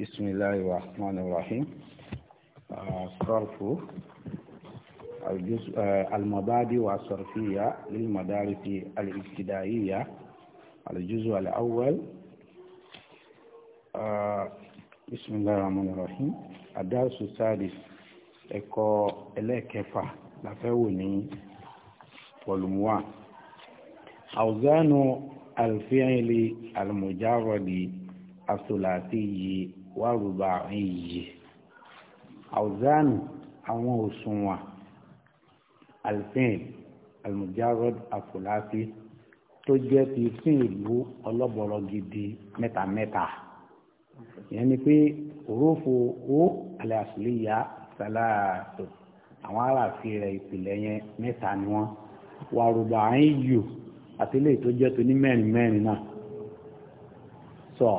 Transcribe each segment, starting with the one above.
بسم الله الرحمن الرحيم صرف الجزء المبادئ والصرفية للمدارس الابتدائية الجزء الأول بسم الله الرحمن الرحيم الدرس السادس ẹ̀kọ́ ẹlẹ́ẹ̀kẹfà láfẹ́wò لفوني pọ̀lùmùwà àwùzánù alfihànlẹ̀ almujarradi asòlàtì wárùbá ìyè àwùzánù àwọn òṣùwọ̀n alfin almujarod afolafi tó jẹ́ ti fún ìlú ọlọ́bọ̀rọ̀ gidi mẹ́tamẹ́ta ìyẹn ni pé òrófo ó alẹ́ àṣìlẹ́yà sàlàtò àwọn aráàfin rẹ̀ ìpìlẹ̀ yẹn mẹ́ta ni wọ́n wàrùbà àyìn àti ilé tó tó ní mẹ́rin mẹ́rin náà sọ. So,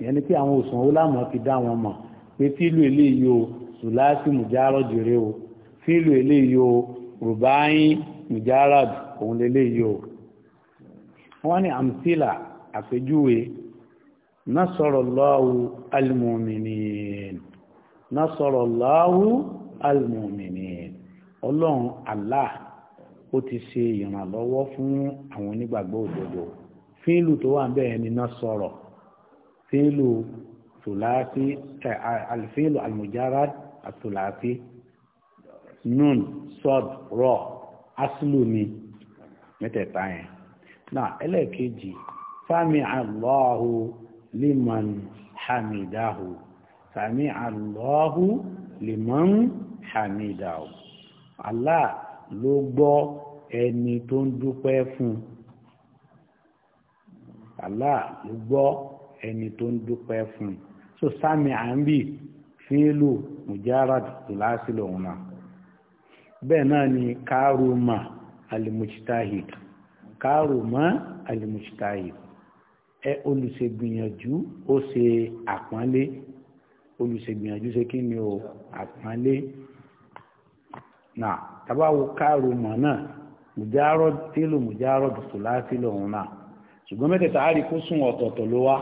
ìyẹn ni pé àwọn òsàn owó láàmú fi dá wọn mọ̀ pé fílù eléyìí o sùláàsì mùjárọ̀dì rẹ o fílù eléyìí o rùbáyìn mùjárọ̀dì òun lélẹ́yìí o. wọ́n ní àmtílà àpèjúwe nasarallahu almu'minin nasarallahu almu'minin ọlọ́run Allah ó ti ṣe ìrànlọ́wọ́ fún àwọn onígbàgbọ́ òdodo fílù tó wà bẹ́ẹ̀ ni nasọ̀rọ̀ فعل ثلاثي الفعل المجرد الثلاثي نون صاد را اصل ni mẹ́tẹ̀ẹ̀ta yẹn náà ẹlẹ́ẹ̀kejì sami'a Allahu liman hamidahu sami'a Allahu liman hamidahu Allah ló gbọ́ ẹni tó ń dúpẹ́ fún Allah ló gbọ́ ẹni tó ń dúpẹ́ fún un so sami àǹbì fílù mujarad tùlásì lòun náà bẹ́ẹ̀ náà ni kárùmà alimuchitahid kárùmà alimuchitahid ẹ olùṣègbìyànjú ó ṣe àpọ́nlé olùṣègbìyànjú ṣe kí ni o àpọ́nlé náà tabawo kárùmà náà mujarad fílù mujarad tùlásì lòun náà ṣùgbọ́n mẹ́tẹ̀ẹ̀ta á rí kó sún ọ̀tọ̀ọ̀tọ̀ ló wá.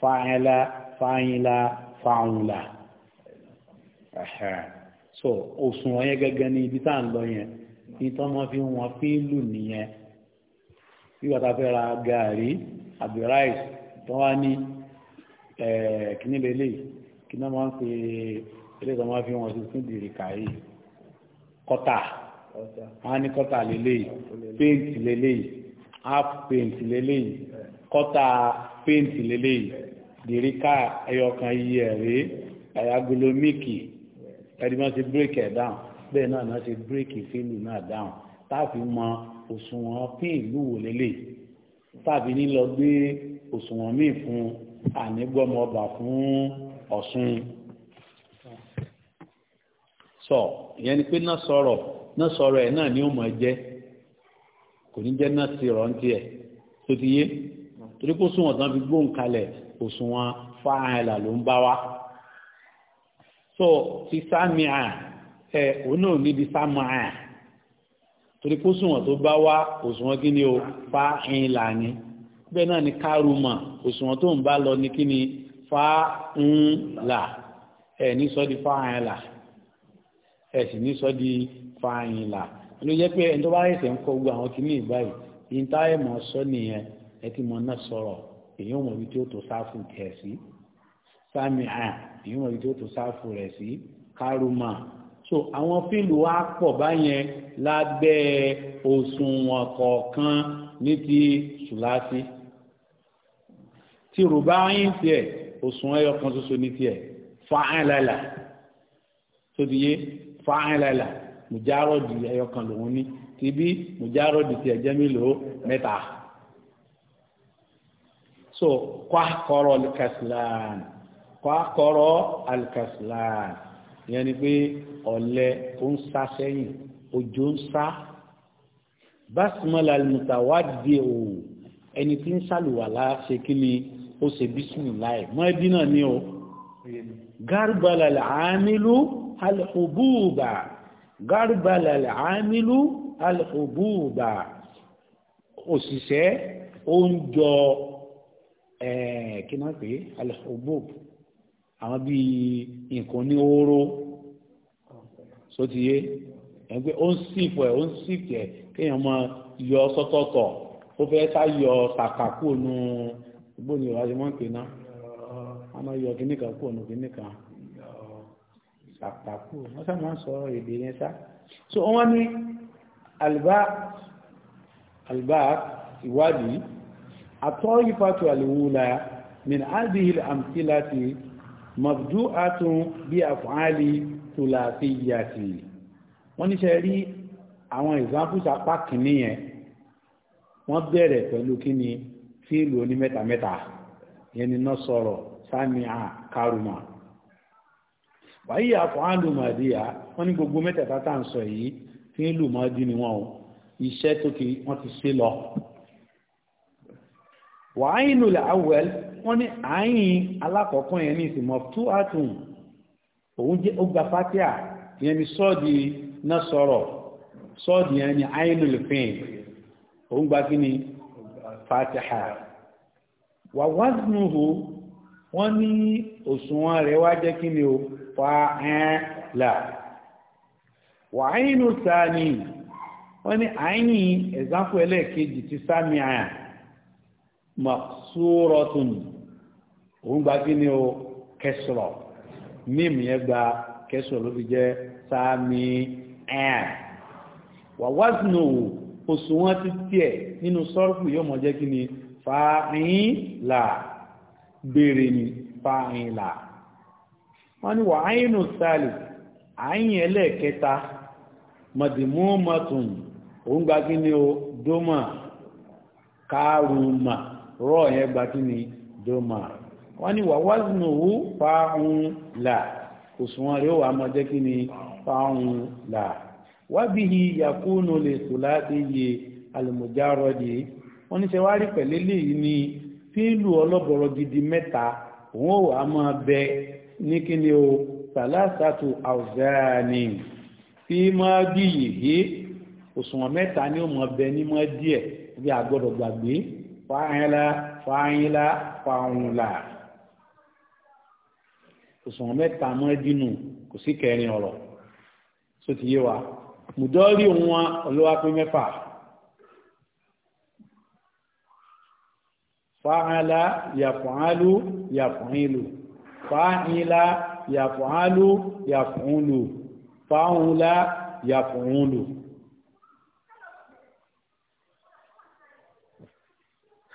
fa'ala fa'ila fa'ula so òṣùwọ̀n yẹn gẹ́gẹ́ ní ibi tá à ń lọ yẹn ní tọ́ mọ́ fi wọn fi lù nìyẹn bí wọ́n ta fẹ́ ra gàárì àbí ráìsì tó wá ní kíní lélẹ̀ kíní máa ń pè ilé tó máa fi wọn sí fún dìrì kàyé kọ́tà wọ́n á ní kọ́tà lélẹ̀ péǹtì half péǹtì lélẹ̀ kọ́tà péǹtì lélẹ̀ dìríkà ẹyọkan yìí ẹ̀rẹ́ ẹ̀yàgolo míìkì ẹ̀dìmọ́ ti bírèkì ẹ̀ dáhùn bẹ́ẹ̀ náà náà ti bírèkì fíìlù náà dáhùn táàfin mọ òṣùwọ̀n pín ìlú wò lélẹ̀ táàfin ní lọ gbé òṣùwọ̀n míì fún ànígbọ́mọba fún ọ̀ṣun sọ ìyẹn ni pé náà sọ̀rọ̀ náà sọ̀rọ̀ ẹ̀ náà ni ó mọ̀ jẹ́ kò ní jẹ́ náà ti rọ̀ ń tiẹ̀ tó ti yé torí kó sùn ọ̀tàn fi gbóhùn kalẹ̀ òṣùwọ̀n fáàlà ló ń bá wá so ti sáàmì à ẹ òun náà níbi sáàmì à torí kó sùnwọ̀n tó bá wá òṣùwọ̀n kí ni o fáàlà ni bẹ́ẹ̀ náà ni kárùmọ̀ òṣùwọ̀n tó ń bá lọ ni kí ni fáàlà ẹ ní sọ di fáàlà ẹ sì ní sọ di fáàlà ló yẹ pé ẹni tó bá rẹ̀ sẹ̀ ń kọ gbogbo àwọn kìíní ìbáyìí yìí táyẹ̀ mọ̀ sọ nìyẹn ẹ ti mọ̀ náà sọ̀rọ̀ èyí ò mọ̀ ibi tí ó tó sáfù tiẹ̀ sí sami a èyí ò mọ̀ ibi tí ó tó sáfù rẹ̀ sí kárùmà so àwọn fíìlù wa pọ̀ báyẹn lábẹ́ òṣùwọ̀n kọ̀ọ̀kan ní ti sùláṣí tí rùbá yín tiẹ̀ òṣùwọ̀n ẹyọ kan ṣoṣo ní tiẹ̀ fáńlálà tó ti yé fáńlálà mùjárọ̀dì ẹyọ kan lòún ní tìbí mùjárọ̀dì tiẹ̀ jẹ́ mélòó mẹ́ta so kwakọrọ alikasilan kwakọrọ alikasilan ìyẹn ni pé ọ̀lẹ ó ń sá sẹ́yìn òjò ń sá basmala mutawadi o ẹni tí ń sàlùwàlá ṣe kí ni ó ṣe bisimilayi mọ́ ẹbí náà ni o garbala al'amilu alhububa garbala al'amilu alhububa òṣìṣẹ́ ó ń jọ Eh, kí náà pé alhobob àwọn bíi nǹkan ní oró sotiye ẹgbẹ́ ó ń sífù ẹ̀ ó ń sífù ẹ̀ kéèyàn máa yọ sọ́tọ̀ọ̀tọ̀ ó fẹ́ sá yọ sàkà kúrò nù gbogbo ní ìwádìí wọ́n ń pè ná wọ́n máa yọ kíníkà kúrò nù kíníkà sàkà kúrò wọ́n sá máa ń sọ èdè yẹn sá so wọ́n ní àlùbá àlùbá ìwádìí. الطائفة الأولى من هذه الأمثلة مبدوءة بأفعال ثلاثية wọ́n ní ṣe rí àwọn examples apá kìíní yẹn wọ́n bẹ̀rẹ̀ pẹ̀lú kí ni fíìlù oní mẹ́tamẹ́ta yẹn ni náà sọ̀rọ̀ sami a karuma wàyí àfọ́nlù màdíyà wọ́n ní gbogbo mẹ́tẹ̀ẹ̀ta tá à ń sọ yìí fíìlù mọ́dí ni wọ́n o iṣẹ́ tó kí wọ́n ti ṣe lọ wàáyínú làwẹ̀l wọ́n ní àyìn alákọ̀ọ́kọ́ yẹn ní ìsìnmọ̀ tó àtùn òun jẹ́ ó fatia yẹn ní sọ́ọ̀dì náà sọ̀rọ̀ sọ́ọ̀dì yẹn ní àyínú lùfin òun gba kí ni fatia wà wázùnúhù wọ́n ní òṣùwọ̀n rẹ̀ wá jẹ́ kí ni o fa ẹ́n là wàáyínú sáà ni wọ́n ní àyìn ẹ̀záfù ẹlẹ́ẹ̀kejì ti sáà mi àyàn maqsuratun òun gba kí ni o kẹsọ̀rọ̀ mímu yẹn gba kẹsọ̀rọ̀ ló fi jẹ́ sáàmì ẹ̀ wà waznu òṣùwọ̀n ti tiẹ̀ nínú sọ́rùkù yóò mọ̀ jẹ́ kí ni fàáhìn là béèrè ni fàáhìn là wọ́n ní wà áyínú sálì àyìn ẹlẹ́ẹ̀kẹta mọ̀dìmọ́mọ́tún òun gba kí ni o dómà kárùn-ún mà rọ́ yẹn gba kí ni dọ́mà wọ́n ní wàwázùnù wú fáhùn là òṣùwọ̀n rẹ̀ wà mọ́ jẹ́ kí ni fáhùn là wábìhì yakúnù lè tò láti yẹ alùmọ̀járọ̀dì wọ́n ní sẹ́wárí pẹ̀lẹ́lẹ́ yìí ni fíìlù ọlọ́bọ̀rọ̀ gidi mẹ́ta òun ò wà máa bẹ ní kí ni o tàlásàtù àwùzáàní fi máa bí yìí òṣùwọ̀n mẹ́ta ni ó mọ̀ bẹ ní mọ́ díẹ̀ bí a gbàgbé fáyínlá fáyínlá fáwùnlá òṣùwọ̀n mẹ́ta mọ́ẹ́dínù kò sí kẹrin ọ̀rọ̀ tó ti yé wa mùdọ́rí wọn olówá pé mẹ́fà fáhálà yàfọ̀hálù yàfọ̀hìnlù fáhìnlá yàfọ̀hálù yàfọ̀hìnlù fáhùnlá yàfọ̀hìnlù.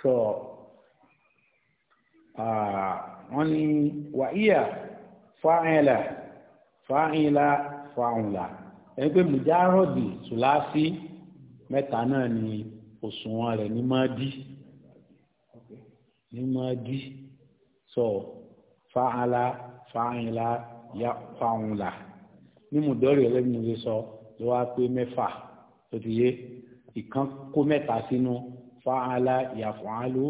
so wọ́n ní wà íyà fáìlà fáìlà fáìlà ẹni pé mùjárọ̀dì sùláṣí mẹ́ta náà ni òṣùwọ̀n rẹ̀ ní máa dí ní máa dí so fáìlà fáìlà ya fáìlà ní mùdọ́rì ẹlẹ́nu sọ ló wá pé mẹ́fà tó ti yé ìkan kó mẹ́ta sínú fa'ala yaf'alu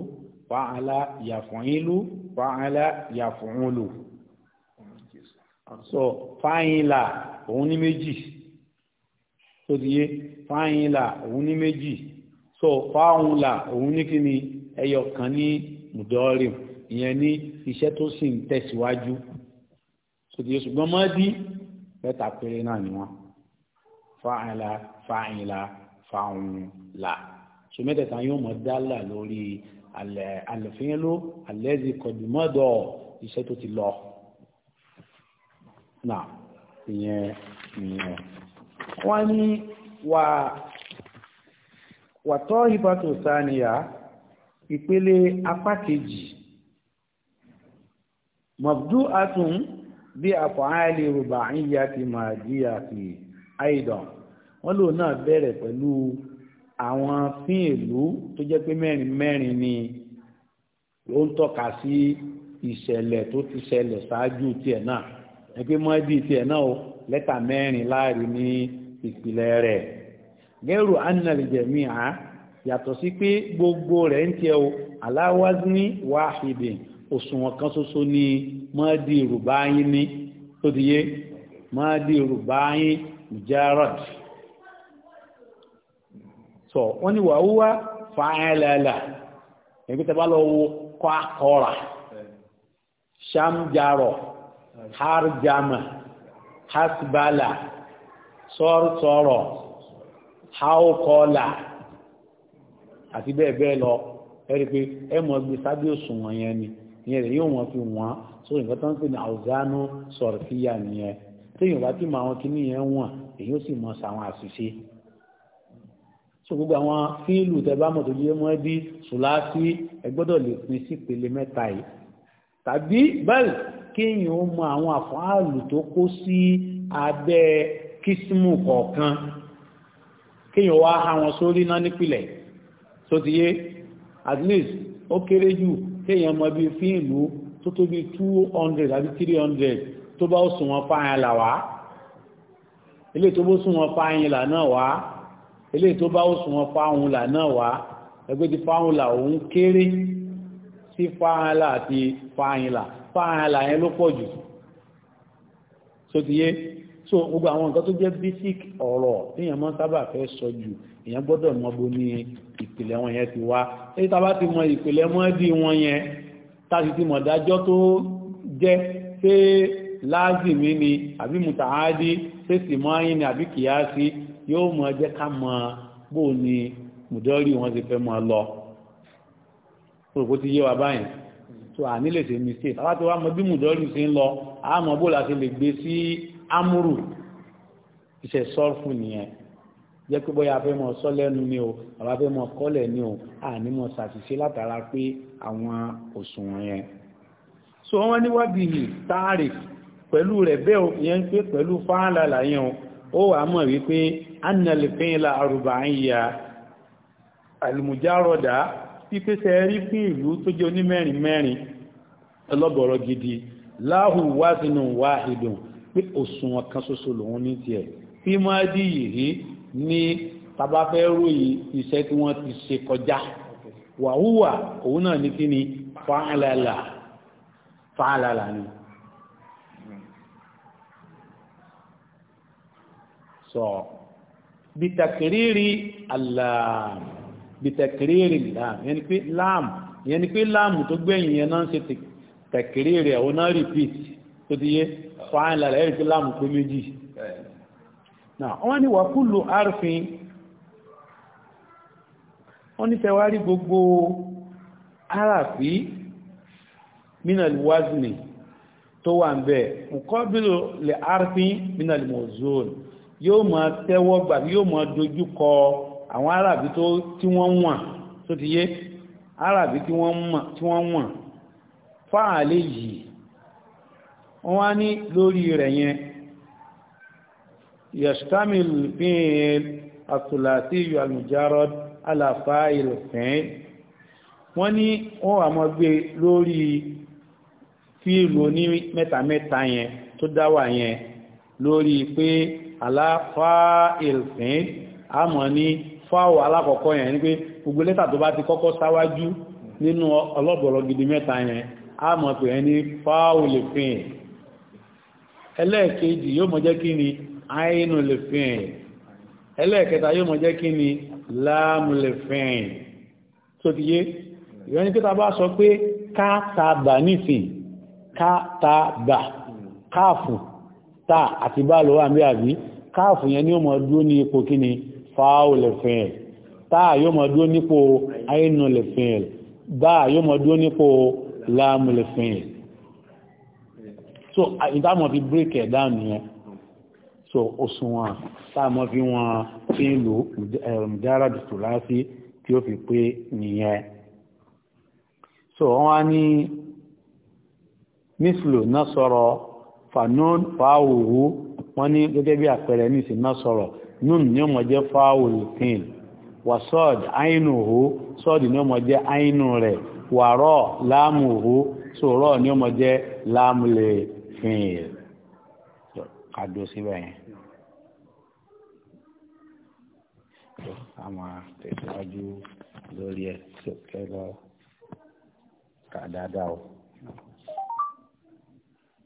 fa'ala yaf'ilu fa'ala yaf'ulu so fa'ila òun ní méjì tó ti fa'ila òun ní méjì so fa'ula òun ní kí ni ẹyọ kan ní mùdọ́rìm ìyẹn ní iṣẹ́ tó sì ń tẹ̀síwájú tó ti yé ṣùgbọ́n mọ́dí mẹ́ta péré náà ni wọ́n fa'ala fa'ila fa'ula sọmẹtẹta yóò mọ dálà lórí àlẹfínló àlẹzì kọdùmọdọ iṣẹ́ tó ti lọ náà ìyẹn ìyẹn wọn ní wà wàtọ ìbátò sáníyà ìpele apá kejì mọbdú atún bí àfọ̀hánilè rúbà ń yá ti máa jíyà sí àìdàn wọn lòun náà bẹ̀rẹ̀ pẹ̀lú àwọn fín ìlú tó jẹ́ pé mẹ́rin mẹ́rin ni ló ń tọ́ka sí ìṣẹ̀lẹ̀ tó ti ṣẹlẹ̀ ṣáájú tiẹ̀ náà ẹ pé mọ́ẹ́dì tiẹ̀ náà o lẹ́tà mẹ́rin láàrin ní ìpìlẹ̀ rẹ̀ gẹ́rù anàlìjẹ̀mí à yàtọ̀ sí pé gbogbo rẹ̀ ń tiẹ̀ o aláwázni wáhìdì òṣùwọ̀n kan ṣoṣo ni mọ́ẹ́dì rùbáyín ní tó ti yé mọ́ẹ́dì rùbáyín mujarad sọ wọ́n ní wà wúwá fàáìlàlà ẹ̀bí tẹ́ bá lọ wo kọ́ harjama hasbala sọ́rọ̀sọ̀rọ̀ haokọ́la àti bẹ́ẹ̀ bẹ́ẹ̀ lọ ẹ̀rí pé ẹ mọ̀ gbé yẹn ni ìyẹn rẹ̀ yóò wọn fi so nǹkan tó ń pè ní àwùzánú sọ̀rọ̀ síyà nìyẹn téèyàn ti mọ àwọn so gbogbo àwọn fíìlù tẹ́bámọ̀ tó yé mọ́ bí sùláàsì ẹ gbọ́dọ̀ lè pín sí ìpele mẹ́ta yìí tàbí bẹ́ẹ̀ kéèyàn ó mọ àwọn àfáàlù tó kó sí abẹ́ kìsímù kọ̀ọ̀kan kéèyàn wá ha wọn sórí náà nípìnlẹ̀ tó ti yé at least ó kéré jù kéèyàn mọ bí fíìlù tó tó two hundred àbí three hundred tó bá ó sùn wọn fáyín là wá ilé tó bó sùn wọn fáyín là náà wá eléyìí tó bá ó sùn wọn fáwọnlà náà wá ẹgbẹ́ ti fáwọnlà òun kéré sí fáhánlà àti fáhánlà fáhánlà yẹn ló pọ̀ jù sotiye so gbogbo àwọn nǹkan tó jẹ́ basic ọ̀rọ̀ téèyàn máa ń sábà fẹ́ sọ jù èèyàn gbọ́dọ̀ mọ bó ní ìpìlẹ̀ wọn yẹn ti wá èyí tá a bá ti mọ ìpìlẹ̀ mọ́ di wọn yẹn tá a sì ti mọ̀ dájọ́ tó jẹ́ ṣé láàzìmí ni àbí mùtàádì ṣé mọ́ ayín ni àbí kìíyá sí yóò mọ jẹ́ ká mọ bó ni mùdọ́rì wọn ti fẹ́ mọ lọ òrùkó ti yé wa báyìí tó àní lè ṣe mistake àwọn tó wá mọ bí mùdọ́rì ṣe ń lọ àmọ́ bó la ṣe lè gbé sí amúrù iṣẹ́ sọ́ọ̀fù nìyẹn jẹ́ pé bóyá a fẹ́ mọ sọ lẹ́nu ni o àbá fẹ́ mọ kọ́lẹ̀ ni o àní mọ ṣàṣìṣe látara pé àwọn òṣùwọ̀n yẹn so wọ́n wá níwájú yìí pẹ̀lú rẹ̀ bẹ́ẹ̀ o ń pé pẹ̀lú fáńlá làyẹn o ó wà mọ̀ wípé annalifínlá arúbáyíya alìmùjárọ̀dá pípẹ́sẹ̀ rí fún ìlú tó jẹ́ onímẹ́rin mẹ́rin ọlọ́bọ̀rọ̀ gidi láhù wázínú wáhìdùn pé òṣùwọ̀n kan ṣoṣo lòun ní tiẹ̀ fí máa dí yìí ní tabafẹ́ ròyìn iṣẹ́ tí wọ́n ti ṣe kọjá wàhúwà òun náà ní kí ni fàálàlà ni sọ bitakiriri alam bitakiriri lam yẹn ni pé lam yẹn ni pé lam tó gbẹ̀yìn yẹn náà ṣe takiriri ẹ̀ wọ́n náà repeat tó ti yé fáìn lára ẹ̀rí pé lam pé méjì náà wọ́n ní wàkúlù arfin wọ́n ní tẹwárí gbogbo arafi minal wazni tó wà ń bẹ̀ nǹkan bí lè arfin minal mozone yóò máa tẹ́wọ́ gbà yóò máa dojú kọ àwọn arábí tó tí wọ́n wọ̀n tó ti yé arábí tí wọ́n wọ̀n fáàlẹ́ yìí wọ́n wá ní lórí rẹ̀ yẹn yashtamil fi'l àtùlàsí al-mujarrad ala fa'il fi'l wọ́n ní wọ́n wà mọ́ gbé lórí fíìlù oní mẹ́tamẹ́ta yẹn tó dáwà yẹn lórí pé aláfáìlfín a mọ̀ ní fáwọ̀ alákọ̀ọ́kọ́ yẹn ní pé gbogbo lẹ́tà tó bá ti kọ́kọ́ sáwájú nínú ọlọ́bọ̀rọ̀ gidi mẹ́ta yẹn a mọ̀ pé ẹni fáwọ̀lẹ̀fín ẹlẹ́ẹ̀kejì yóò mọ̀ jẹ́ kí ni àínúlẹ̀fín ẹlẹ́ẹ̀kẹta yóò mọ̀ jẹ́ kí ni láàmúlẹ̀fín tó ta àti bá lọ wà ń bí àbí káàfù yẹn ni ó mọ̀ dúró ní ipò kí ni fáwò lè ta yóò mọ̀ dúró nípò àìnù lè fẹ́ ẹ̀ bá yóò mọ̀ dúró nípò láàmù lè fẹ́ so ìdámọ̀ fi break so òṣùwọ̀n táàmọ́ fi wọn fi ń lò mùdára um, dùtù láti tí ó fi so wọ́n á ní fanon fáwòwò wọ́n ní gẹ́gẹ́ bí àpẹẹrẹ ní ìsìn sọ̀rọ̀ nun ní ọmọ jẹ́ fáwòlù tin wà sọ́ọ̀d àínúhó sọ́ọ̀dì ní ọmọ jẹ́ àínú rẹ̀ wà rọ̀ láàmúhó sòrọ̀ ní ọmọ jẹ́ láàmúlẹ̀